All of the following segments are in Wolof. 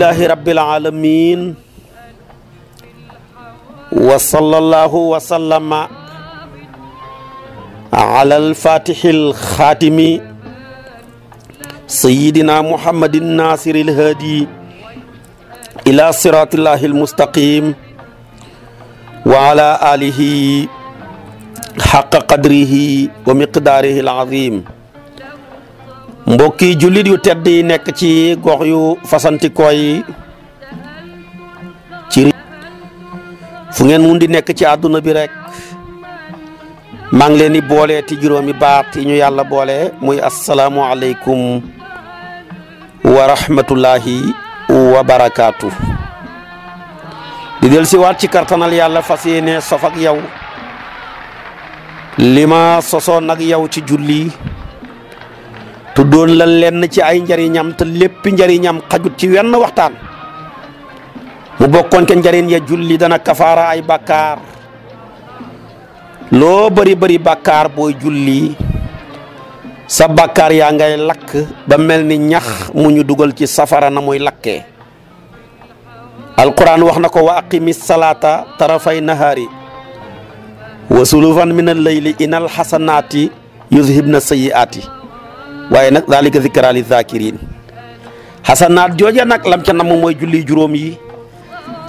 لله رب العالمين وصلى الله وسلم على الفاتح الخاتم سيدنا محمد الناصر الهادي إلى صراط الله المستقيم وعلى آله حق قدره ومقداره العظيم mbokki jullit yu tedd yi nekk ci gox yu fasantikoo yi ci fu ngeen mun di nekk ci àdduna bi rek maa ngi leen di boole ti juróomi baat yi ñu yàlla boole muy asalaamu aleykum wa rahmatullahi wa barakaatu. di del si waat ci kartanal yàlla fas yéene sof ak yow li ma sosoon ak yow ci julli Tudon la len ci ay njariñam te lepp njariñam xajut ci wenn waxtan bu bokkon ke njariñ ya julli dana kafara ay Lo lo bari bari boy booy julli sa bakar ya ngay lak ba melni ñax mu ñu duggal ci safara na moy lakke alquran wax nako wa aqimi salata tarafay nahari wa sulufan min al-layli inal hasanati yuzhibna sayiati waaye nag zalika zikraa li zaakiriin xasanaat jooja nag lam ca namm mooy julli juróom yi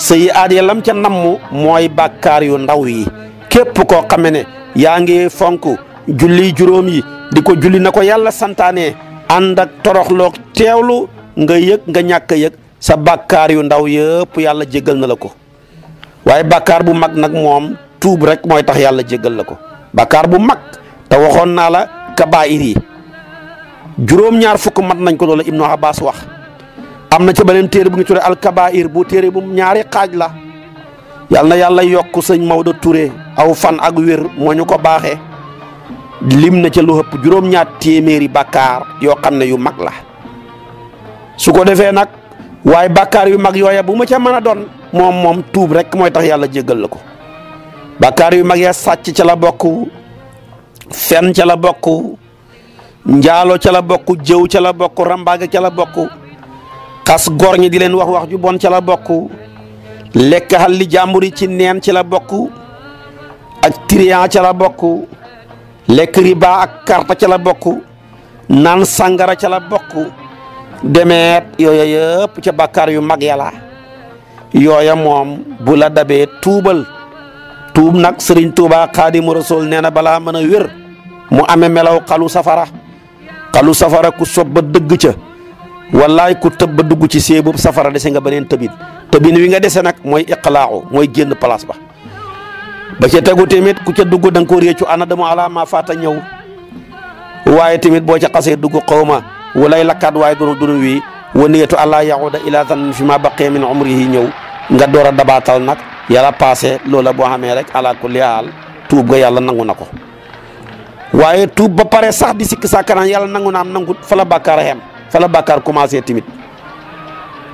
sayyi'aat ca namm mooy bàkkaar yu ndaw yi képp koo xame ne yaa ngi fonk julli juróom yi di ko julli na ko yàlla santaane ànd ak toroxloog teewlu nga yëg nga ñàkk a yëg sa bakkaar yu ndaw yëpp yàlla jéggal na la ko waaye bàkkaar bu mag nag moom tuub rek mooy tax yàlla jéggal la ko bàkkaar bu mag te waxoon naa la kabaa'ir yi juróom-ñaar fukk mat nañ ko loolu Ibnu Abbas wax am na ca beneen téere bu ñu turee alkabair bu téere bu ñaari xaaj la yal na yàlla yokk sëñ Maodo ture aw fan ak wér moñu ko baaxe lim na ca lu juróom-ñaar téeméeri bàkkaar yoo xam ne yu mag la su ko defee nag waaye bàkkaar yu mag yooya bu ma ca mën doon moom moom tuub rek mooy tax yàlla jéggal la ko bàkkaar yu mag ya sàcc ca la bokk fen ca bokk njaalo ci la bokku rambaga ci la bokku rambaaga ci la bokku xas gor ñi di leen wax wax ju bon ci la bokku lek xal li jàmbur ci neen ci la bokku ak trian ci la bokku lek riba ak karta ci la bokku nan sangara ci la bokku demeet yooya yëpp ci bàkkaar yu mag yoyam mom bu la dabé nak serigne touba rasul neena na meuna wër mu ame melaw xalu safara xalu safara ku sob ba dëgg ca wallaay ku tëb ba dugg ci seebub safara dese nga beneen tëbin tëbin wi nga dese nag mooy iqlaaxu mooy génn place ba ba ca tegu tamit ku ca dugg da nga ko réccu ana dama ala ma faata ñëw waaye tamit boo ca xasee dugg xawma ma walay lakkaat waaye dunu dunu wii wa niyatu allah yaxuda ila tan fi ma baqee min umrihi ñëw nga door a dabaatal nag yàlla passé loola boo xamee rek ala kulli haal tuub ga yàlla nangu na ko waye tu ba pare sax di sik sàkkanaan yalla nanguna am nangut fa la bàkkaar hem fa la bàkkaar commencé timit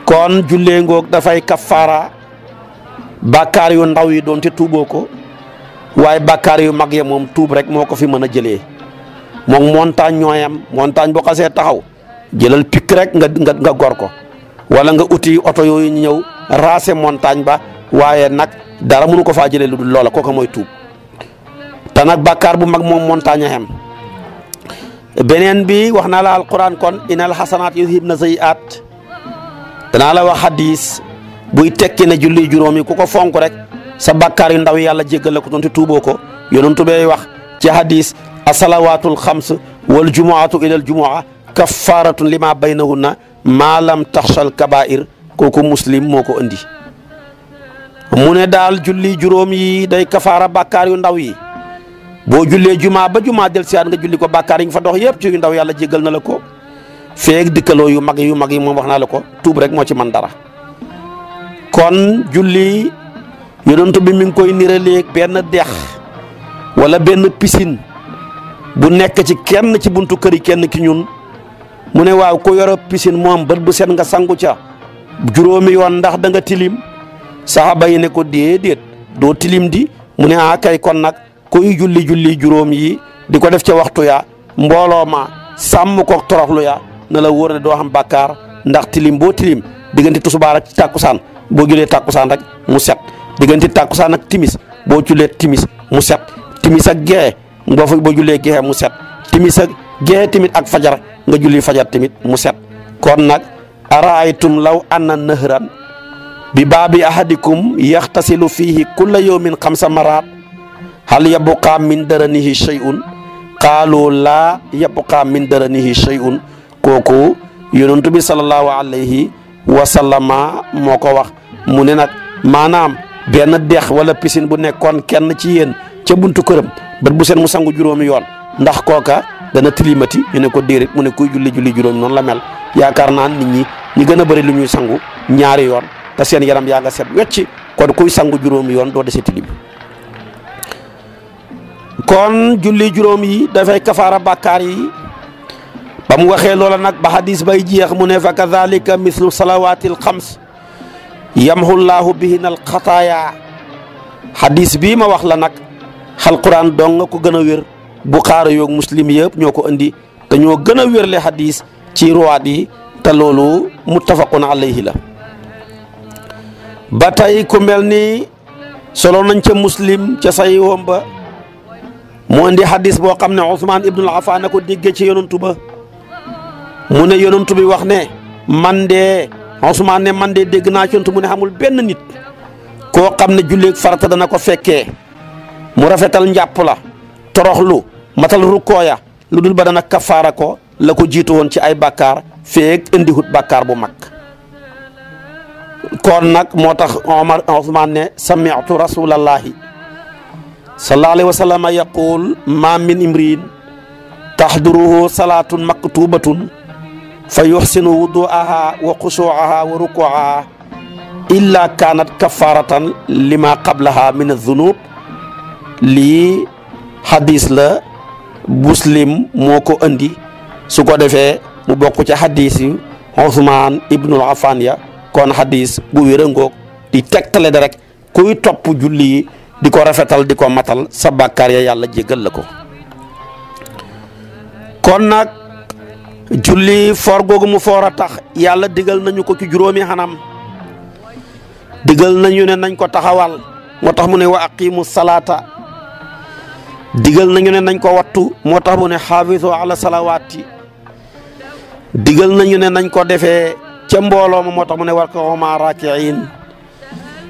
kon ngok dafai fay kafara bakar yu ndaw yi don te tuuboo ko waaye bàkkaar yu mag ya mom tuub rek moko fi meuna a mok montagne ñoyam montagne bu xasse taxaw jëlal pik rek nga nga nga gor ko wala nga uti oto yooyu ñew rasé montagne ba waye nak dara mënu ko fa jëlee lool lola ko kooka mooy te nag bu mag moom montagne beneen bi wax naa la alquran kon inal xasanaat yuzhibna sayyi'aat danaa la wax hadis buy tekki ne julli juróomi ku ko fonk rek sa bàkkaar yu ndaw yàlla jéggal la ko doon tuuboo ko yonent bi wax ci hadis asalawaatul xams wal jumuatu ilal jumua kaffaaratun lima baynahunna maa lam taxsal kabaa'ir kooku muslim moo ko andi mu ne daal julli juróom yi day kafaara bàkkaar yu ndaw yi bo julé juma ba juma del siar nga julli ko bakkar yi fa dox yépp ci ndaw yalla na la ko feek dëkkaloo yu mag yu mag yi moom wax la ko tuub rek mo ci man dara kon julli yonent bi mi ngi koy ak ben dex wala ben piscine bu nek ci kenn ci buntu kër yi kenn ki ñun mu ne waaw ko yoro piscine am bët bu nga sangu ca yoon ndax da nga tilim sahaba yi ne ko déedéet do tilim di mu ne ah kon nak kuy julli-julli juróom yi di ko def ca waxtu ya mbooloo ma sàmm ko toroxlu ya na la wóor ne doo xam bàkkaar ndax tilim boo tilim diggante tusubaar ak tàkkusaan boo jullee tàkkusaan rek mu set diggante tàkkusaan ak timis boo jullee timis mu set timis ak gexe boo fa boo jullee gexe mu set timis ak gexe tamit ak fajar nga julli fajar tamit mu set kon nag araaytum law anna nahran bi baabi ahadikum yaxtasilu fiihi kulla yawmin xamsa maraat hal yabqa min daranihi shay'un qalu la yabqa min daranihi shay'un kooku yonentu bi sallallahu alayhi wa sallama moko ko wax mu ne nag wala piscine bu nekkoon kenn ci yéen ca buntu këram bët bu seen mu sangu juróomi yoon ndax dana tili ñu ne ko déerit mu ne kuy julli julli juróomi noonu la mel ya naa nit ñi ñi gën a lu ñuy sangu ñaari yoon te seen yaram yaa nga set wecc kon kuy sangu yoon tilim kon julli juróom yi dafay kafaara bàkkaar yi ba mu waxee loola nag ba hadis bay jeex mu ne fa kadalika mislu salawaatil xams yamhullaahu bihinal xataaya hadis bii ma wax la nag alquran dong nga ko gën a wér buxaari yoog muslim yëpp ñoo ko indi dañoo ñoo gën a wérle hadis ci ruwaat yi te loolu muttafaqun alayhi la ba tey ku mel ni solo nañ ca muslim ca say womba mu indi hadis boo xam ne Ousmane Ibnul Affan ko déggee ci yonantu ba mu ne yonantu bi wax ne man de Ousmane ne man de dégg naa ci yonantu mu ne xamul benn nit koo xam ne julleeg farata dana ko fekkee mu rafetal njàpp la toroxlu matal rukkooya lu dul ba dana kafaara ko la ko jiitu woon ci ay bàkkaar feeg indi hut bàkkaar bu mag kon nag moo tax Omar Ousmane ne sami'tu rasulallahi sallallahu alayhi wa sallam yaqul ma min imriin taxduruhu salaatun maktubatun fa yuxsinu wuduaha wa xusuaha wa rukuaha illa kaanat kafaratan lima qablaha min adunub lii xadis la muslim moo ko andi su ko defee mu bokk ci xadis yi Usmaan ya kon xadis bu wér di tegtale da kuy topp julli di ko rafetal di ko matal sa bàkkaar ya yàlla jéggal la ko kon nag julli foor googu mu foor a tax yàlla digal nañu ko ci juróomi xanam digal nañu ne nañ ko taxawal moo tax mu ne wa aqimu salaata digal nañu ne nañ ko wattu moo tax mu ne xaafisu ala salawaati digal nañu ne nañ ko defee ca mbooloo ma moo tax mu ne war ko ma raakiin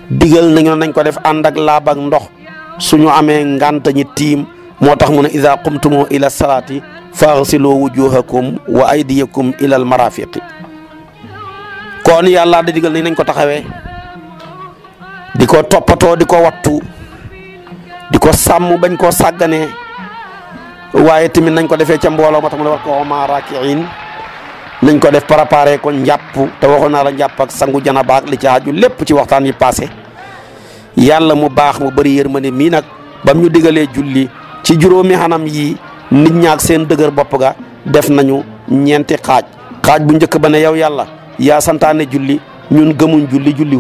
digal nañu nañ ko def ànd ak laab ak ndox suñu amee ngànt tiim moo tax mu ne isa qumtumoo ila salaati faghsilu wujuhakum wa aydiyakum ila al marafiqi yàlla da digal nañ nañ ko taxawee di ko toppatoo di ko wattu di ko sàmm bañ koo sàgganee waaye tamit nañ ko defee ca mbooloo moo tax mu ne war ko ma raakiin nañ ko def préparé ko njàpp te waxoon naa la njàpp ak sangu jana baak li ci aju lépp ci waxtaan yi paase yàlla mu baax mu bëri yërmande mii nag bam ñu digalee julli ci juróomi xanam yi nit ñaak seen dëgër bopp ga def nañu ñeenti xaaj xaaj bu njëkk ba ne yow yàlla ya santaane julli ñun gëmuñ julli julli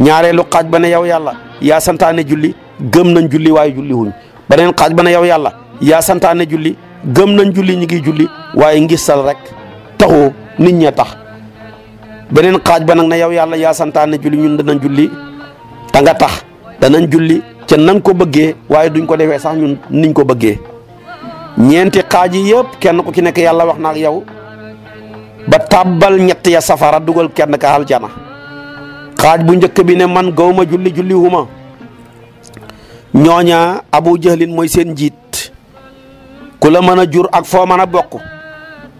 ñaareelu xaaj ba ne yow yàlla yaa santaane julli gëm nañ julli waaye julli wuñ beneen xaaj ba ne yow yàlla yaa santaane julli gëm nañ julli ñi ngi julli waaye ngisal rek taxoo nit ñe tax benen xaj ba nak na yaw yalla ya santane julli ñun danañ julli ta nga tax danañ julli ci nañ ko bëgge waye duñ ko défé sax ñun niñ ko bëgge ñenti xaj yi yëpp kenn ko ki nek yalla wax nak yaw ba tabal ñett ya safara duggal kenn ka aljana xaj bu ñëk bi ne man gawma julli julli huma ñoña abu jahlin moy seen jitt kula jur ak fo mën bokku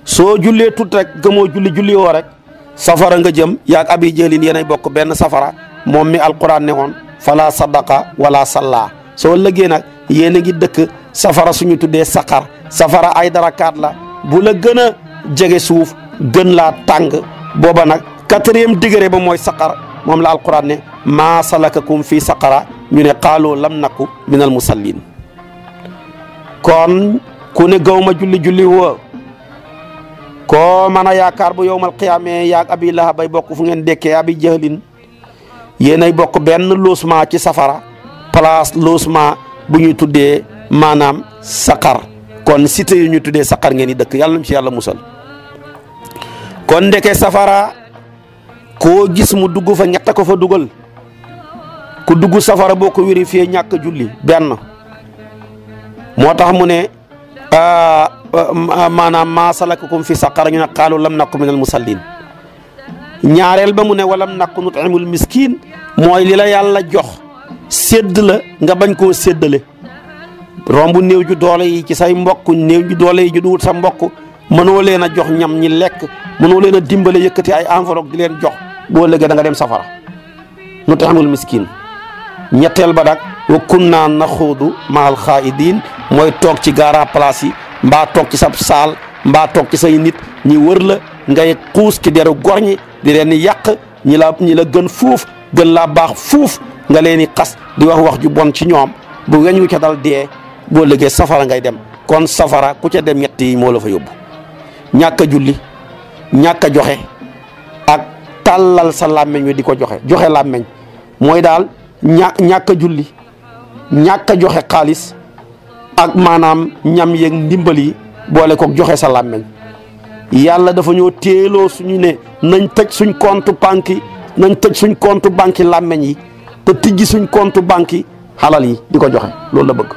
soo jullee tut rek gëmoo julli julli woo rek safara nga jëm yaag abi jëlin yéenay bokk benn safara moom mi alquran ne woon fala sadaqa wala salla soo lëggee nag yéen a ngi dëkk safara suñu tuddee saqar safara ay darakaat la bu la gën a jege suuf gën la tàng booba nag quatrième degré ba mooy saqar moom la alquran ne maa salakakum fii saqara ñu ne qaaloo lam naku min al musallin kon ku ne gawma julli julli woo ko mana ya karbo bu yowmal qiyamé ya abi lahab bay bokk fu ngeen dekkee abi jahlin yéenay bokk ma loosement ci safara place loosement bu ñuy tuddé manam sakar kon cité yu ñu tuddé sakar ngeen di dëkk yalla ci yalla musal kon ndeke safara ko gis mu dugg fa ñatt ko fa duggal ku dugg safara bokku ko ñak julli ben motax mu ne maanaam maa salakakum fi saqar ñu ne qaalu lam nakku min al musallin ñaareel ba mu ne walam nakku nutimul miskin mooy li la yàlla jox sédd la nga bañ koo séddale romb néew ju doole yi ci say mbokk néew ju doole yi ju duwut sa mbokk mënoo leen a jox ñam ñi lekk mënoo leen a dimbale yëkkati ay enveloppe di leen jox boo léegi da nga dem safara nu taxamul miskin ñetteel ba nag wa kun naa naxuudu maal xaaidin mooy toog ci gaara place yi mba tok ci sab sal mba tok ci say nit ñi wër la ngay xuus ci deru gorñi di leen yaq ñi la ñi la gën fouf gën la bax fouf nga leni di di wax wax ju bon ci ñom bu wéñu ci dal dé bo liggé safara ngay dem kon safara ku ca dem ñetti mo la fa yobbu ñàkk julli ñàkk joxé ak talal sa wi di ko joxé joxe làmmeñ mooy dal ñàkk julli ñàkk joxé kalis ak maanaam ñam yeeg ndimbal yi boole koog joxe sa làmmeñ yàlla dafa ñoo teeloo suñu ne nañ tëj suñ compte banque yi nañ tëj suñ compte banque làmmeñ yi te tijji suñ compte banque yi xalal yi di ko joxe loolu la bëgg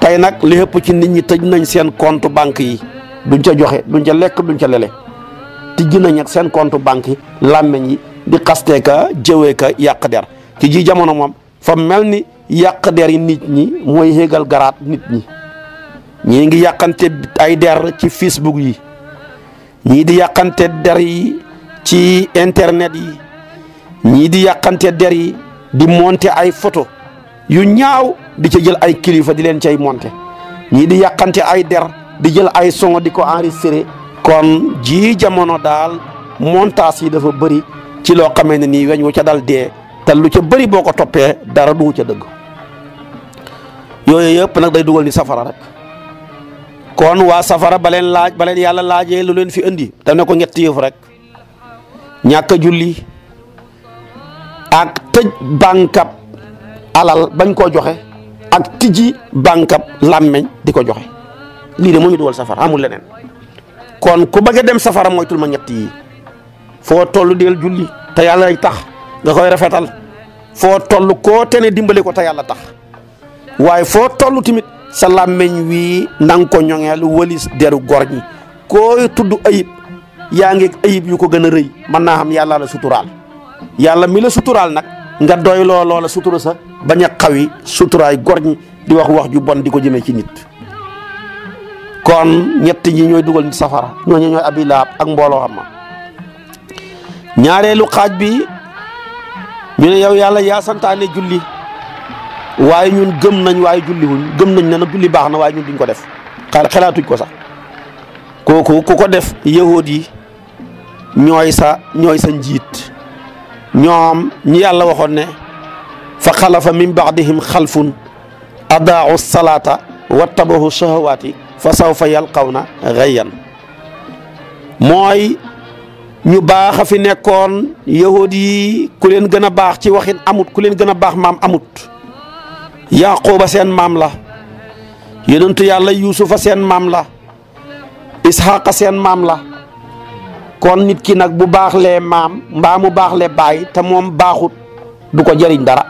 tey nag li ëpp ci nit ñi tëj nañ seen compte banque yi duñ ca joxe duñ ca lekk duñ ca lele tijji nañ ak seen compte banque làmmeñ yi di xastee ka jëwee ka yàq der ci ji jamono moom fa mel ni yak deri nit ñi moy hegal garat nit ñi ñi ngi yakante ay der ci facebook yi ñi di yakante der yi ci internet yi ñi di yakante der yi di monter ay photo yu ñaaw di ci jël ay kilifa di leen cay monter ñi di yakante ay der di jël ay son di ko enregistrer kon ji jamono dal montage yi dafa bari ci lo xamee ni nii ca dal de te lu ci bëri boko topé Yo dara du ci dua yooyu yëpp nak day duggal ni safara rek kon wa safara balen laaj balen yalla laajé lu leen fi indi daf ne ko ñett yef rek ñaaka julli ak tej bankap alal bañ ko joxé ak tiji bankap di joxé li de moñu duggal safara amul leneen kon ku bëgg dem safara moytul ma ñett yi fo tollu del julli ta yalla lay tax nga koy rafetal foo toll koo te ne dimbali ko te yàlla tax waaye foo toll tamit sa làmmiñ wii na nga ko ñoŋeel walis deru gor ñi koo tudd ayib yaa ngi ayib yu ko gën a rëy mën naa xam yàlla la suturaal yàlla mi la suturaal nag nga doy loo loola sutura sa bañ a xawi suturaay gor ñi di wax wax ju bon di ko jëmee ci nit kon ñett ñi ñooy dugal nit safara ñooñu ñooy abilaab ak mbooloo xam ma ñaareelu xaaj bi ñu ne yow yàlla yaa santaane julli waaye ñun gëm nañ waaye julliwuñ gëm nañ ne nag julli baax na waaye ñun duñ ko def xalaatuñ ko sax kooku ku ko def yahood ñooy sa ñooy sa njiit ñoom ñi yàlla waxoon ne fa xalafa min baadihim xalfun adaau salaata wattabahu shahawaati fa sawfa yalqawna gayyan mooy ñu baax a fi nekkoon yahud yi ku leen gën a baax ci waxin amut ku leen gën a baax maam amut yaquba seen maam la yonentu yàlla yuusufa seen maam la isxaqa seen maam la kon nit ki nag bu baax lee maam mbaa mu baax lee baay te moom baaxut du ko jariñ dara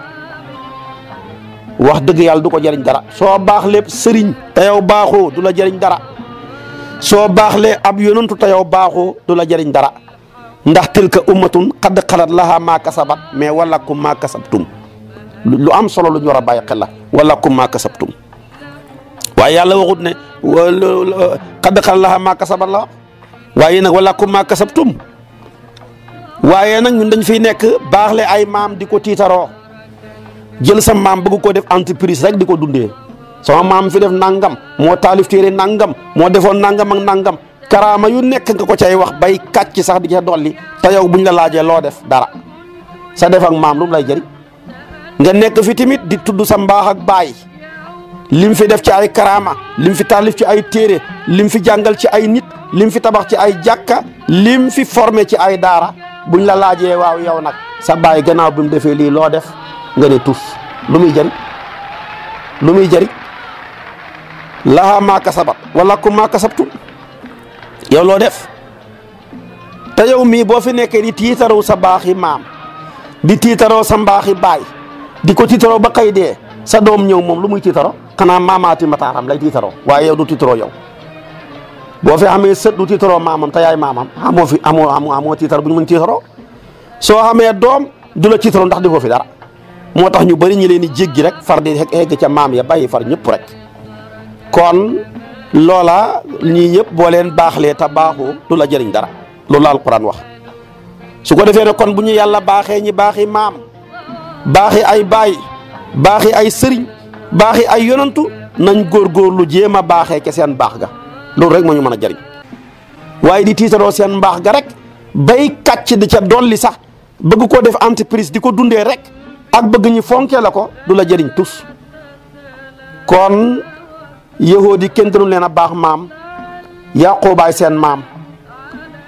wax dëgg yàlla du ko jariñ dara soo baax lépp sëriñ te yow baaxoo du la jariñ dara soo baax lee ab yonentu te yow baaxoo du la jariñ dara ndax tilka ummatun qad xalat laha maa kasabat mais wala kum maa kasabtum lu am solo lu ñu war a bàyyi xel la wala kum maa kasabtum waaye yàlla waxut ne qad xalat laha maa nag wala kum maa kasabtum waaye nag dañ fiy nekk baaxle ay maam di ko tiitaroo sam sa maam bëgg koo def entreprise rek di ko dundee sama maam fi def nangam moo taalif téere nangam moo defoon nangam ak nangam karama yu nek nga ko cey wax bay kàcc sax di ca doli ta yow buñ la laaje lo def dara sa def ak mam lu lay ditudu nga nek fi timit di tuddu sa mbax ak bay lim fi def ci ay karama lim fi talif ci ay téré lim fi jangal ci ay nit lim fi tabax ci ay jakka lim fi formé ci ay dara buñ la laaje waaw yow nak sa bay gannaaw bi defé li lo def nga ne tous lu muy jëriñ lu muy jëriñ laha ma kasabat wala kum ma kasabtum yow lo def ta yow mi bo fi nek di titaro sa baxi mam di titaro sa baxi bay, di ko titaro ba de, sa dom ñew mom lu muy titaro xanaa mamati mataram lay titaro waye yow du titaro yow bo fi amé sët du titaro mamam ta yaay mamam amo fi amo amo amo tiitar bu ñu mën titaro so amé dom du la titaro ndax defoo fi dara motax ñu bari ñi leen di jéggi rek far di egg ca mam ya bayyi far ñepp rek kon. loola ñii ñëpp boo leen baaxlee te baaxoo lu la jëriñ dara loolu la alquran wax su ko defee ne kon bu ñu yàlla baaxee ñi baaxi maam baaxi ay baay baaxi ay sëriñ baaxi ay yonantu nañ góorgóorlu jéem a baaxee ke seen baax ga loolu rek moo ñu mën a jariñ waaye di tiitaroo seen mbaax ga rek bay kàcc di ca dolli sax bëgg koo def entreprise di ko dundee rek ak bëgg ñu fonkee la ko du la jëriñ tus kon yahood yi kenn gënu leen a baax maam yàqoobaay seen maam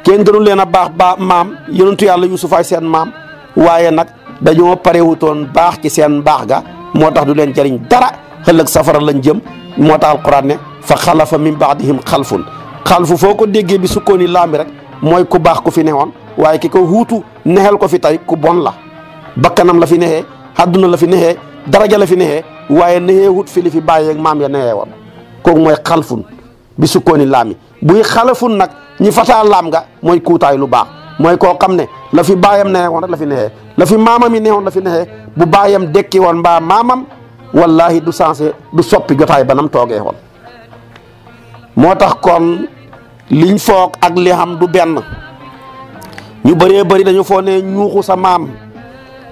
kenn leen a baax baax maam yonentu yàlla yusufaay seen maam waaye nag dañoo parewutoon baax ci seen baax ga moo tax du leen jëriñ dara xëllëg safara lañ jëm moo tax alquran ne fa xalafa di baadihim xalfun xalfu foo ko déggee bi sukkoon yi laami rek mooy ku baax ku fi newoon waaye ki ko wuutu nexel ko fi tey ku bon la bakkanam la fi nexee àdduna la fi nexee daraja la fi nexee waaye nexee wut fi li fi bàyyeeg maam ya nexee woon kooku mooy xalfun bi sukkooni laami buy xalafun nag ñi fataa laam nga mooy kuutaay lu baax mooy koo xam ne la baayam neexee woon rek la fi neexee la fi maamam yi neexoon la neexee bu baayam dekki woon mbaa maamam wallahi du sensé du soppi jotaay banam toogee woon moo tax kon liñ foog ak li xam du benn ñu bëree bari dañu foo ne ñuuxu sa maam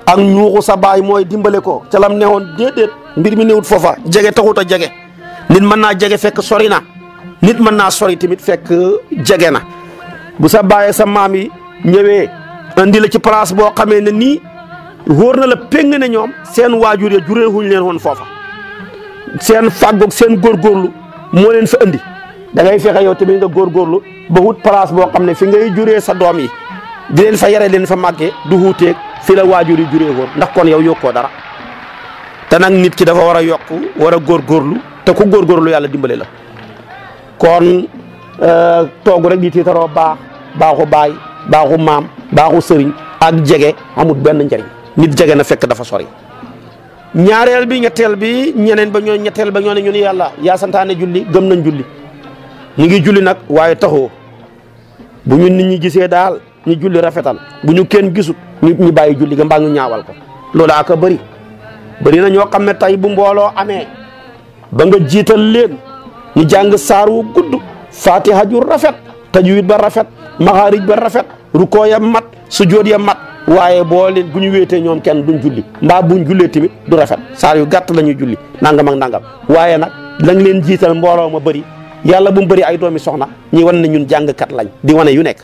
ak ñuuxu sa baay mooy dimbale ko ca lam neexoon déedéet mbir mi newut foofa jege taxut a jege nit mën naa jege fekk sori na nit mën naa sori tamit fekk jege na bu sa bàyyee sa maam yi ñëwee andi la ci place boo xamee ne nii wóor na la péng ne ñoom seen waajur ya juree wuñ leen woon foofa seen fàggoog seen góor góorlu moo leen fa andi da ngay fexe yow tamit nga góorgóorlu ba wut place boo xam ne fi ngay juree sa doom yi di leen fa yare leen fa màggee du wuuteeg fi la waajur yi juree woon ndax kon yow yokkoo dara te nag nit ki dafa war a yokk war a góorgóorlu te ku góorgóorlu yàlla dimbale la kon euh, toog rek di tiitaroo baax baaxu baay baaxu maam baaxu sëriñ ak jege amul benn njariñ nit jege na fekk dafa sori ñaareel bi ñetteel bi ñeneen ba ñoo ñetteel ba ñoo ne ñun yàlla yaa santaane julli gëm nañ julli ñu ngi julli nag waaye taxoo bu ñu ni ñi gisee daal ñu julli rafetal bu ñu kenn gisut ñu ñu bàyyi julli ga mbaa ñu ñaawal ko loolu ak a bëri na ñoo xam ne tey bu ba nga jiital leen ñu jàng saar wu gudd fatiha ju rafet tajwid ba rafet maxaarij ba rafet rukoo ya mat sujood ya mat waaye boo leen bu ñu wéetee ñoom kenn duñ julli mbaa buñ jullee tamit du rafet saar yu gàtt la ñuy julli nangam ak nangam waaye nag lañ leen jiital mbooloo ma bëri yàlla bu mu bëri ay doomi soxna ñi wan ne ñun jàngkat lañ di wane yu nekk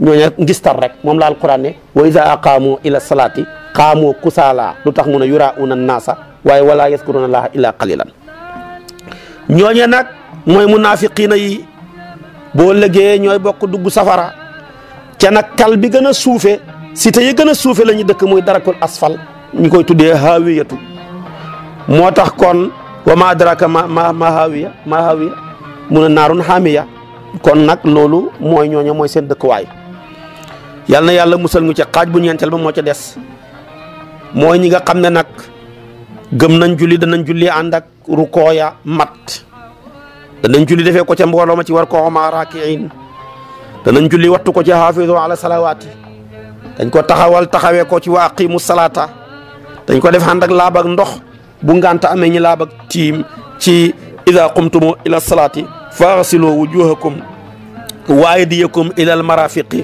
ñooñu ngistar rek moom la alquran ne wa iza aqaamu ila salaati qaamu kusaala lu tax mun a yuraa'uuna naasa waaye wala yaskuruuna allaha illa qalilan ñooñe nag mooy munaafiqiina yi boo lëggee ñooy bokk dugg safara ca nag kal bi gën a suufe si yi gën a suufe lañuy dëkk muy darakul asfal ñu koy tuddee haawiyatu moo tax kon wa ma adraka ma ma ma haawiya ma haawiya mun a naarun kon nag loolu mooy ñooña mooy seen dëkkuwaay yal na yàlla musal ñu ca xaaj bu ñeenteel ba moo ca des mooy ñi nga xam ne nag gëm nañ julli danañ julli ànd ak rukooya mat danañ julli defe ko ca mbooloo ma ci war koo ma raakiin danañ julli wattu ko ci xaafidu ala salawaati dañ ko taxawal taxawee ko ci wa aqimu salaata dañ ko def ànd ak laab ndox bu ngànta amee ñi laab ak tiim ci ida qumtumu ila salaati faxsiloo wujuhakum wa aydiyakum ila almarafiqi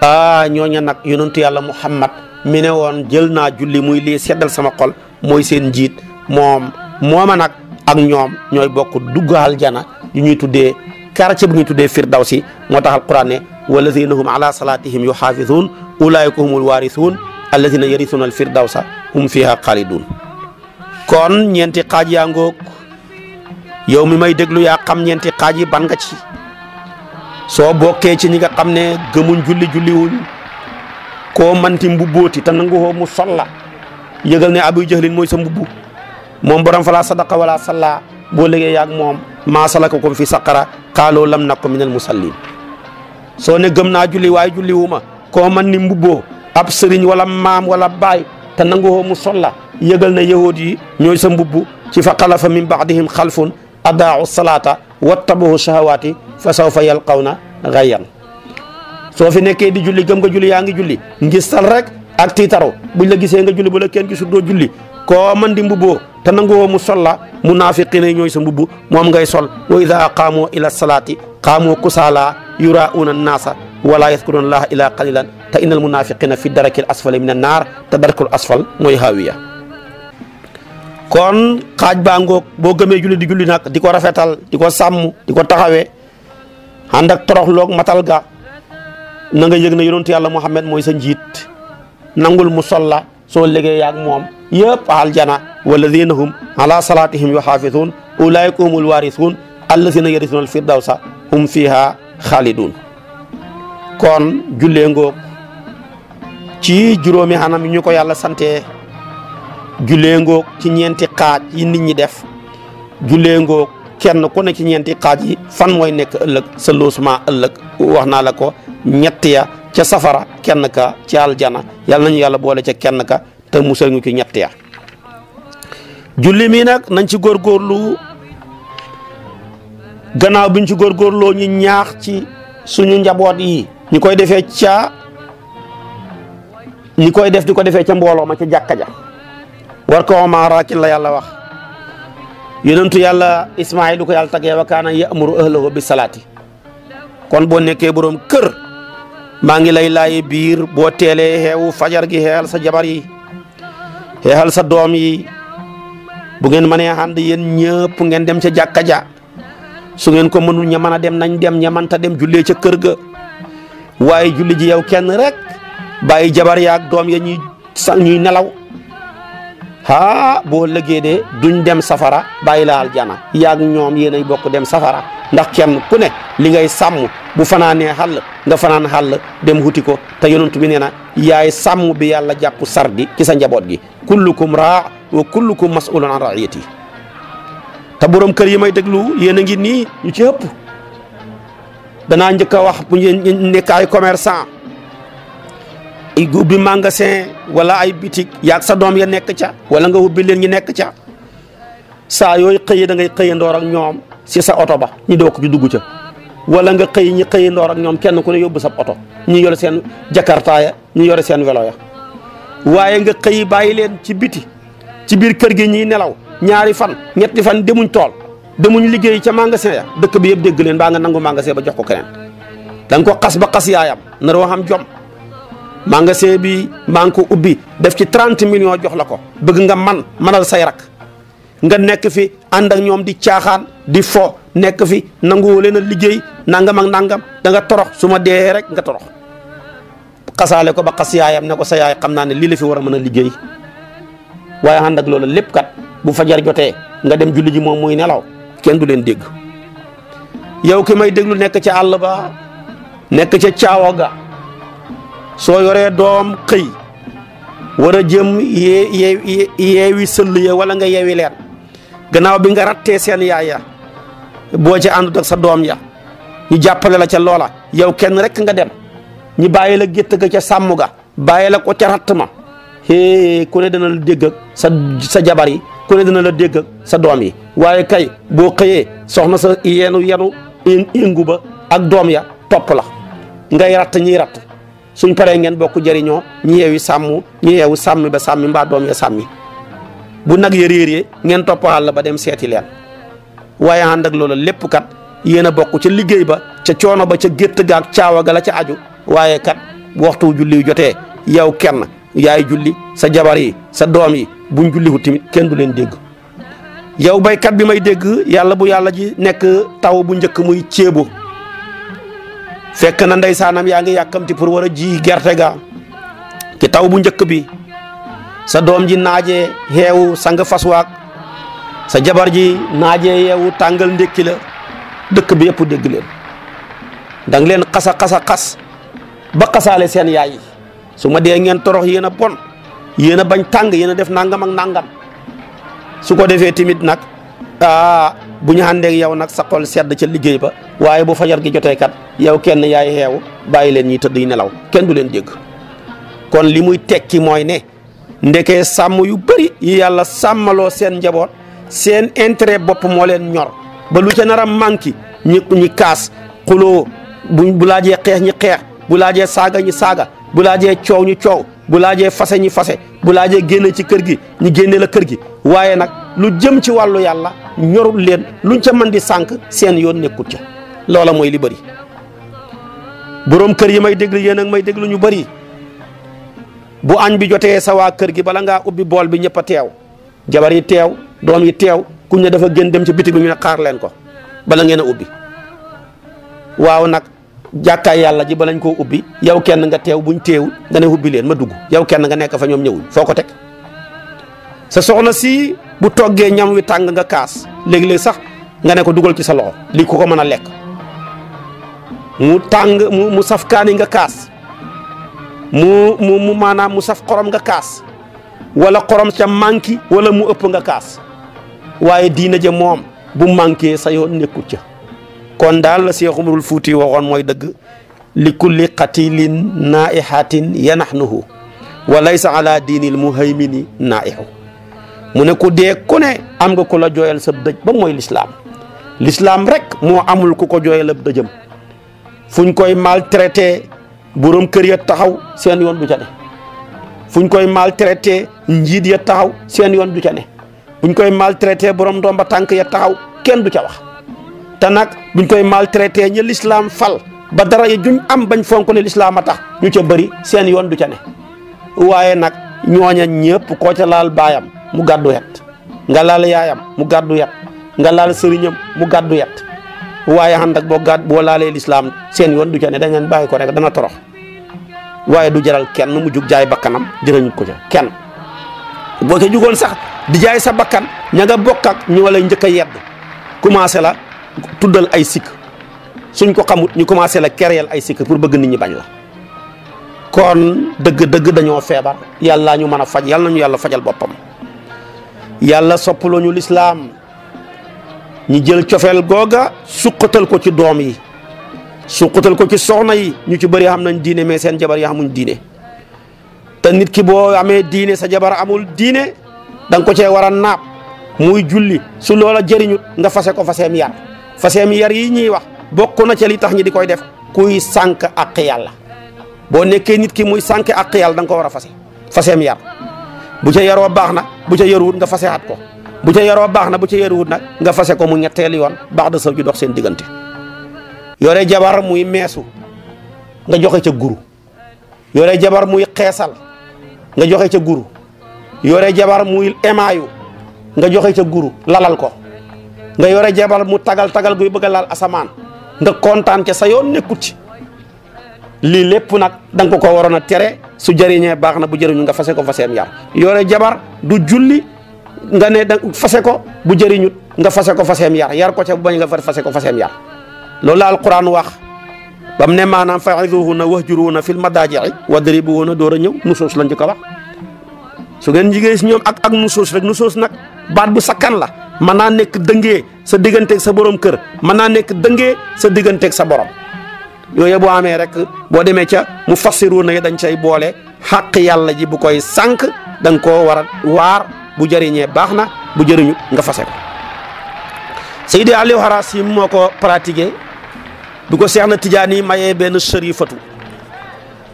ah ñooña nag yonentu yàlla muhammad mi ne woon jël naa julli muy lii seddal sama xol mooy seen njiit moom mooma nag ak ñoom ñooy bokk dugg aljana yu ñuy tuddee quartier bu ñuy tuddee firdawsi moo tax alquran ne walladina hum ala salatihim yuxaafizuun ulaayika humul waarisuun alladina yarisuuna alfirdawsa hum fiha xaalidun kon ñeenti xaaj yaa ngoog yow mi may déglu yaa xam ñeenti xaaj yi ban nga ci soo bokkee ci ñi nga xam ne gëmuñ julli julliwuñ koo manti mbubbooti te nangu hoo mu sol la yëgal ne abu jahlin mooy sa mbubbu moom borom falaa sadaqa wala salla boo légee yaag moom maa ko fi saqara qaaloo lam nakku minal musallin soo ne gëm naa julli waaye julli wu ma koo man ni mbubboo ab sëriñ wala maam wala baay te nangu hoo mu sol la yëgal ne yahuud yi sa mbubbu ci fa xalafa min baadihim xalfun adaau salaata wattabahu shahawaati fa sawfa yalqawna gayan so fi nekké di julli gëm nga julli yaa ngi julli ngistal rek ak tiitaro bu la gisé nga julli bu la kenn gisul doo julli ko man di mbubboo ta nango mu sol munafiqin ñoy sa mbubbu mom ngay sol wa idha qamu ila salati, qamu kusala, yurauna nasa wala yadkuruna allaha ila qalilan ta innal munafiqina fi darakil asfali minan nar ta darakul asfal moy hawiya kon xaj baa ngoog boo julli di julli nak di rafetal di sam diko di andak taxawee lok matal ga na nga yëg ne yàlla Muhammad mooy sa njiit nangul mu solla soo liggéey yaag moom yëpp aljana walladina hum ala salatihim yuhaafisuun ulaayika humul waarisuun allazina yarisuuna alfirdawsa hum fiha xaaliduun kon jullee ngoog ci juróomi anam yi ñu ko yàlla sante jullee ngoog ci ñeenti xaaj yi nit ñi def jullee ngoog kenn ku ne ci ñenti xaj yi fan moy nek ëlëk sa loosement ëlëk waxna la ko ñett ya ci safara kenn ka ci aljana yalla nañu yalla boole ci kenn ka te musal ñu ki ñett ya julli mi nak nañ ci góorgóorlu gannaaw buñ ci góorgóorloo ñu ñaax ci suñu njaboot yi ñu koy defee def di defé ci mbolo ma ci jakka ja war ko ma raki la yalla wax yonentu yàlla Ismaayil du ko yàlla taggee wa kaana ya'muru ahlahu bi salaati kon boo nekkee boroom kër maa ngi lay laay biir boo teelee xeewu fajar gi xeexal sa jabar yi xeexal sa doom yi bu ngeen mënee ànd yéen ñëpp ngeen dem ca jàkka ja su ngeen ko mënul ña mën a dem nañ dem ña mënta dem jullee ca kër ga waaye julli ji yow kenn rek bàyyi jabar yaak doom ya ñuy nelaw haa boo lëgee de duñ dem safara bàyyi la aljana yaag ñoom yéenay bokk dem safara ndax kenn ku ne li ngay sàmm bu fanaanee xàll nga fanaan xàll dem huti ko te yonent bi na yaay sàmm bi yàlla jàpp sardi ci sa njaboot gi kullukum raa wa kullukum masulun an raiyati te borom kër yi may déglu yéen a ngi nii ñu ci ëpp danaa njëkk a wax bu nekk ay commerçant ay goubi magasin wala ay bitik yak sa dom ya nek ca wala nga ubbi Sayo ñi nek ca sa yoy xey da ngay xey ndor ak ñom ci sa auto ba ñi doo ko ci dugg ca wala nga xey ñi xey ndor ak ñom kenn ku ne yobbu sa auto ñi yor sen jakarta ya ñi yor sen welo ya waye nga xey bayi len ci biti ci bir kër gi ñi nelaw ñaari fan ñetti fan demuñ tol demuñ liggey ci magasin ya dekk bi yeb degg len ba nga nangu magasin ba jox ko keneen dang ko ba yaayam xam jom magasin bi maa ngi ko ubbi def ci 30 millions jox la ko bëgg nga man manal say rak nga nekk fi ànd ak ñoom di caaxaan di fo nekk fi nanguwoo leen a liggéey nangam nangam da nga torox su ma dee rek nga torox xasaale ko ba xas yaayam ne ko sa yaay xam naa ne lii la fi war a mën a liggéey waaye ànd ak loolu lépp kat bu fajar jotee nga dem julli ji moom muy nelaw kenn du leen dégg yow ki may déglu nekk ci àll ba nekk ca caawa ga soo yoree doom këy war a jëm yee yee yeewi sëll ya wala nga yeewi leen gannaaw bi nga rattee seen yaay boo ci àndut ak sa doom ya ñu jàppale la ca loola yow kenn rek nga dem ñu bàyyi la gétt ga ca sàmm ga bàyyi la ko ca ratt ma hee ku dana la dégg sa jabar yi ku dana la dégg sa doom yi waaye kay boo këyee soxna sa yenu yenu ingu ba ak doom ya topp la ngay ratt ñiy ratt suñ paree ngeen bokk jariñoo ñi yeewi sàmm ñi yeewu sàmmi ba sàmmi mbaa doom ya sàmmi bu nag ya réeree ngeen topp àll ba dem seeti leen waaye ànd ak loolu lépp kat yéen a bokk ca liggéey ba ca coono ba ca gétt ga ak caawa ga la ca aju waaye kat waxtu julli jotee yow kenn yaay julli sa jabar yi sa doom yi buñ julliwut tamit kenn du leen dégg yow baykat bi may dégg yàlla bu yàlla ji nekk taw bu njëkk muy ceebu fekk na ndeysaanam Yakam nga yakamti pour wara ji gerté ga ki taw bu ñëkk bi sa dom ji naaje heewu sang faswaak sa jabar ji naaje yeewu tangal ndekki la dekk bi yëpp dégg leen dang leen xasa xasa xas ba xasaale seen yaay suma ngeen torox bon bañ tàng def nangam ak nangam su ko defee timit nag ah bu ñu àndeek yow nag sa xol sedd ca liggéey ba waaye bu fajar gi jotee kat yow kenn yaay xeew bàyyi leen ñuy tëdd yi nelaw kenn du leen dégg kon li muy tekki mooy ne ndekee sàmm yu bëri yi yàlla sàmmaloo seen njaboot seen intérêt bopp moo leen ñor ba lu ca nar a manqué ñi ñi kaas xuloo bu bu laajee xeex ñi xeex bu laajee saaga ñi saaga bu laajee coow ñi coow bu laajee fase ñi fase bu laajee génne ci kër gi ñi génne la kër gi waaye nag lu jëm ci wàllu yàlla ñorul leen luñ ca mën di sànq seen yoon nekkul ca loola mooy li bëri boroom kër yi may déglu yéen ak may déglu ñu bëri bu añ bi jotee sa waa kër gi bala ngaa ubbi bool bi ñëpp a teew jabar yi teew doom yi teew ku ne dafa gën dem ci bitig bi ñu ne xaar leen ko bala ngeen a ubbi waaw nag jàkkaay yàlla ji balañ koo ubbi yow kenn nga teew buñ teewul nga ne ubbi leen ma dugg yow kenn nga nekk fa ñoom ñëwul foo ko teg sa soxna si bu toggee ñam wi tàng nga kaas léegi-léegi sax nga ne ko dugal ci sa loxo lii ko ko mën a lekk mu tàng mu mu saf kaani nga kaas mu mu maanaam mu saf xorom nga kaas walla xorom ca manki wala mu ëpp nga kaas waaye diina ja moom bu manqué sa yoon nekkul ca kon daal la Seex Umarul Fuuti waxoon mooy dëgg li kulli qatilin naihatin yanahnuhu wa laysa ala diinil muhaymini naihu mune ko de ko ne am nga ko la joyal sa ba moy l'islam l'islam rek mo amul ku ko joyal ab dëjëm fuñ koy maltraiter borom keur ya taxaw sen yoon du ca ne fuñ koy maltraiter njiit ya taxaw sen yoon du ca ne buñ koy maltraiter borom domba tank ya taxaw ken du ca wax ta nak buñ koy maltraiter ñe l'islam fal ba dara yi ya juñ am bañ fonk ne l'islam a tax ñu ca bari sen yoon du ca ne waye nak ñoña ñepp ko ca laal bayam mu gaddu yet nga laal yaayam mu gaddu yet nga laal serignam mu gaddu yet waye hand ak bo gadd bo laalee l'islam seen yoon du ca ne da ngeen rek dana torox waye du jaral kenn mu juk jaay bakkanam jërañu ko ca kenn bo ca jugoon sax di jaay sa bakkan ña nga bokk ak ñu wala njëkk yedd commencé la tuddal ay sik suñ ko xamut ñu commencé la créer ay sik pour bëgg nit ñi bañ la kon deug deug dañoo febar yalla ñu nyu faj yalla ñu yalla fajal bopam yàlla soppaloo lislaam ñu jël cofeel googa suqatal ko ci doom yi suqatal ko ci soxna yi ñu ci bëri xam nañ diine mais seen jabar yi xamuñ diine te nit ki boo amee diine sa jabar amul diine danga ko cee war a naab muy julli su loola jëriñut nga fase ko faseem yar faseem yar yi ñuy wax bokk na ca yi tax ñi di koy def kuy sànq àq yàlla boo nekkee nit ki muy sànq àq yàlla danga ko war a fase faseem yar bu ca yaroo baax na bu ca yaruwut nga faseaat ko bu ca yaroo baax na bu ca yaruwut nag nga fase ko mu ñetteelu yoon baax da saw ju dox seen diggante yore jabar muy meesu nga joxe ca guru yore jabar muy xeesal nga joxe ca guru yore jabar muy emaayu nga joxe ca guru lalal ko nga yore jabar mu tagal tagal guy bëgg a laal asamaan nga kontaan ca sa yoon nekkut lii lépp nag da ko ko waroon a tere su jëriñee baax na bu jëriñu nga fase ko faseem yar yore jabar du julli nga ne da fase ko bu jëriñut nga fase ko faseem yar yar ko ca bu bañ nga fase ko faseem yar loolu la alquran wax bam ne maanaam fa'iduhunna wahjuruhunna fil madaaji'i wadribuhunna door a ñëw nusuus lañ ci ko wax su ngeen jigéen si ñoom ak ak nusuus rek nusuus nag baat bu sakkan la mën naa nekk dëngee sa digganteeg sa borom kër mën naa nekk dëngee sa digganteeg sa borom yooyu bu amee rek boo demee ca mu fasiru na ya dañ cay boole xàq yàlla ji bu koy sànq da nga koo war a waar bu jëriñee baax na bu jëriñu nga fase ko Seydi Aliou Harasim moo ko pratiqué bi ko Seex na Tijaan yi mayee benn sharifatu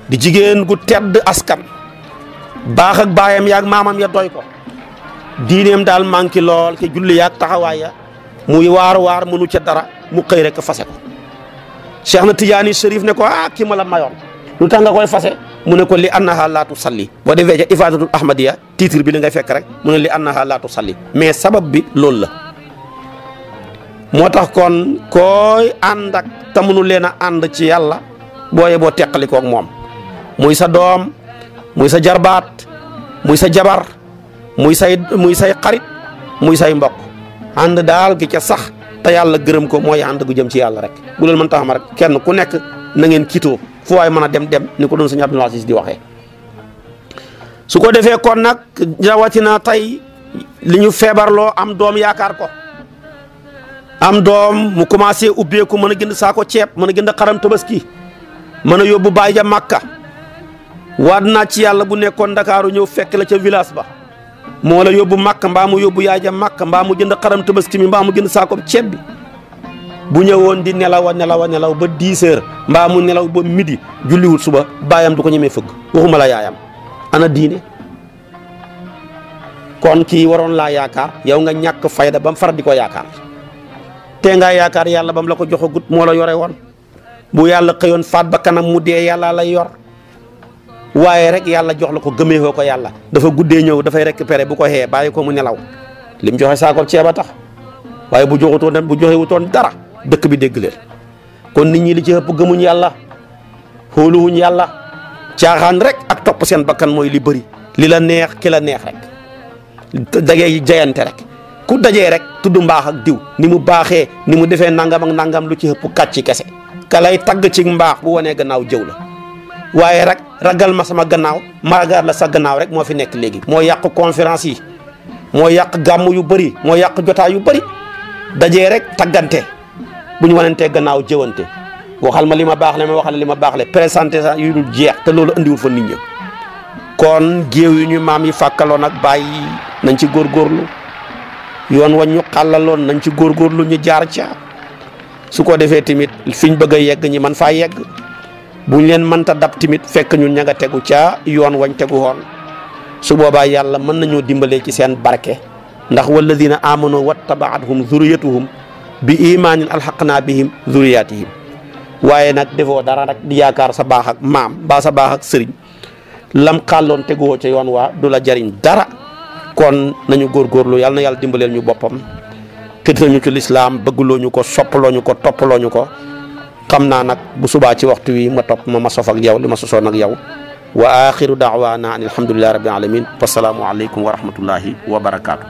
di jigéen gu tedd askan baax ak baayam yaag maamam ya doy ko diineem daal manki lool ke julli yaag taxawaay ya, muy waar waar mënu ca dara mu xëy rek fase ko cheikh na tidiane cherif ne ko ah ki la lu koy fase mu ne ko li annaha la tusalli bo de veja ifadatul ahmadiya titre bi la ngay rek mu li annaha la tusalli mais sabab bi lol la motax kon koy andak tamunu te and leen a ci moom muy sa dom muy sa jarbat muy sa jabar muy say muy say xarit muy say mbokk and dal gi ca sax ta yalla gërëm ko moy ànd gu jëm ci yalla rek bu leen mën taxam rek kenn ku nekk na ngeen kito fu way mëna dem dem ni ko doon sëñ Abdul Aziz di waxe su ko defé kon nak jawatina tay liñu febarlo am doom yaakar ko am doom mu commencé ubbe ko mëna gënd sa ko ciép mëna gënd xaram tobaski mëna yobbu baye ja makka ci yalla bu nekkon dakaru ñew fekk la ci village ba mo la yobbu makka mba mu yobbu yaaja makka mba mu jënd xaram tabaski mi mba mu jënd saako ceeb bi bu ñëwoon di nelaw nelaw nelaw ba 10 h mba mu nelaw ba midi julliwut suba bayam du ko ñëmé fëgg waxuma la yaayam ana diiné kon ki waron la yaakar yow nga ñak fayda bam far di ko yaakaar te ngaa yaakaar yàlla la ko joxagut mo la yore won bu yalla xëyoon faat ba kanam mu dé yalla la yor waye rek yalla jox la ko gëmeewoo ko yalla dafa guddee ñëw dafay récupéré bu ko hé bàyyi ko mu nelaw lim joxe saako ceeba tax waye bu dem bu wuton dara dëkk bi dégg leen kon nit ñi li ci ëpp gëmuñ yalla holuñ yalla caaxaan rek ak top seen bakkan moy li bëri li la neex ki la neex rek dagay jayante rek ku dajé rek tuddu mbax ak diw ni mu baxé ni mu défé nangam ak nangam lu ci ëpp kàcci kese kalai lay tagg ci mbax bu woné gannaaw jëw la waye rek ragal ma sama gannaaw ma ragal la sa gannaaw rek mo fi nek léegi mo yak conférence yi mo yak gamu yu bari mo yak jotaay yu bari dajé rek taggante bu ñu gannaaw jëwante waxal ma lima baax le ma waxal lima ma baax le présenté sa yu jeex te andi wu fa nit ñi kon geew yu ñu maam yi fakkalon ak bayyi nañ ci gorlu yoon wañ ñu xàllaloon nañ ci gorlu ñu jaar ci su ko defee fiñ bëgg yegg ñi man fa yegg buñ leen mënta dab tamit fekk ñun ña nga tegu ca yoon wañ tegu woon su boobaa yàlla mën nañoo dimbalee ci seen barke ndax walladina amanu wattabaathum zuriyatuhum bi imaanin alxaqnaa bihim zuriyatihim waaye nag defoo dara rek di yaakaar sa baax ak maam mbaa sa baax ak sëriñ lam xàlloon teguwoo ca yoon waa du la jariñ dara kon nañu góorgóorlu yàlla yàlla dimbaleel ñu boppam tëddal ñu ci lislaam bëggloo ko soppaloo ko toppaloo ko xam naa nag bu subaa ci waxtu wi ma topp ma ma sof ak yow li ma sosoon ak yow wa axiru daawaana an alhamdulillahi rabbil alamin wasalaamu aleykum wa rahmatullahi wa barakaatu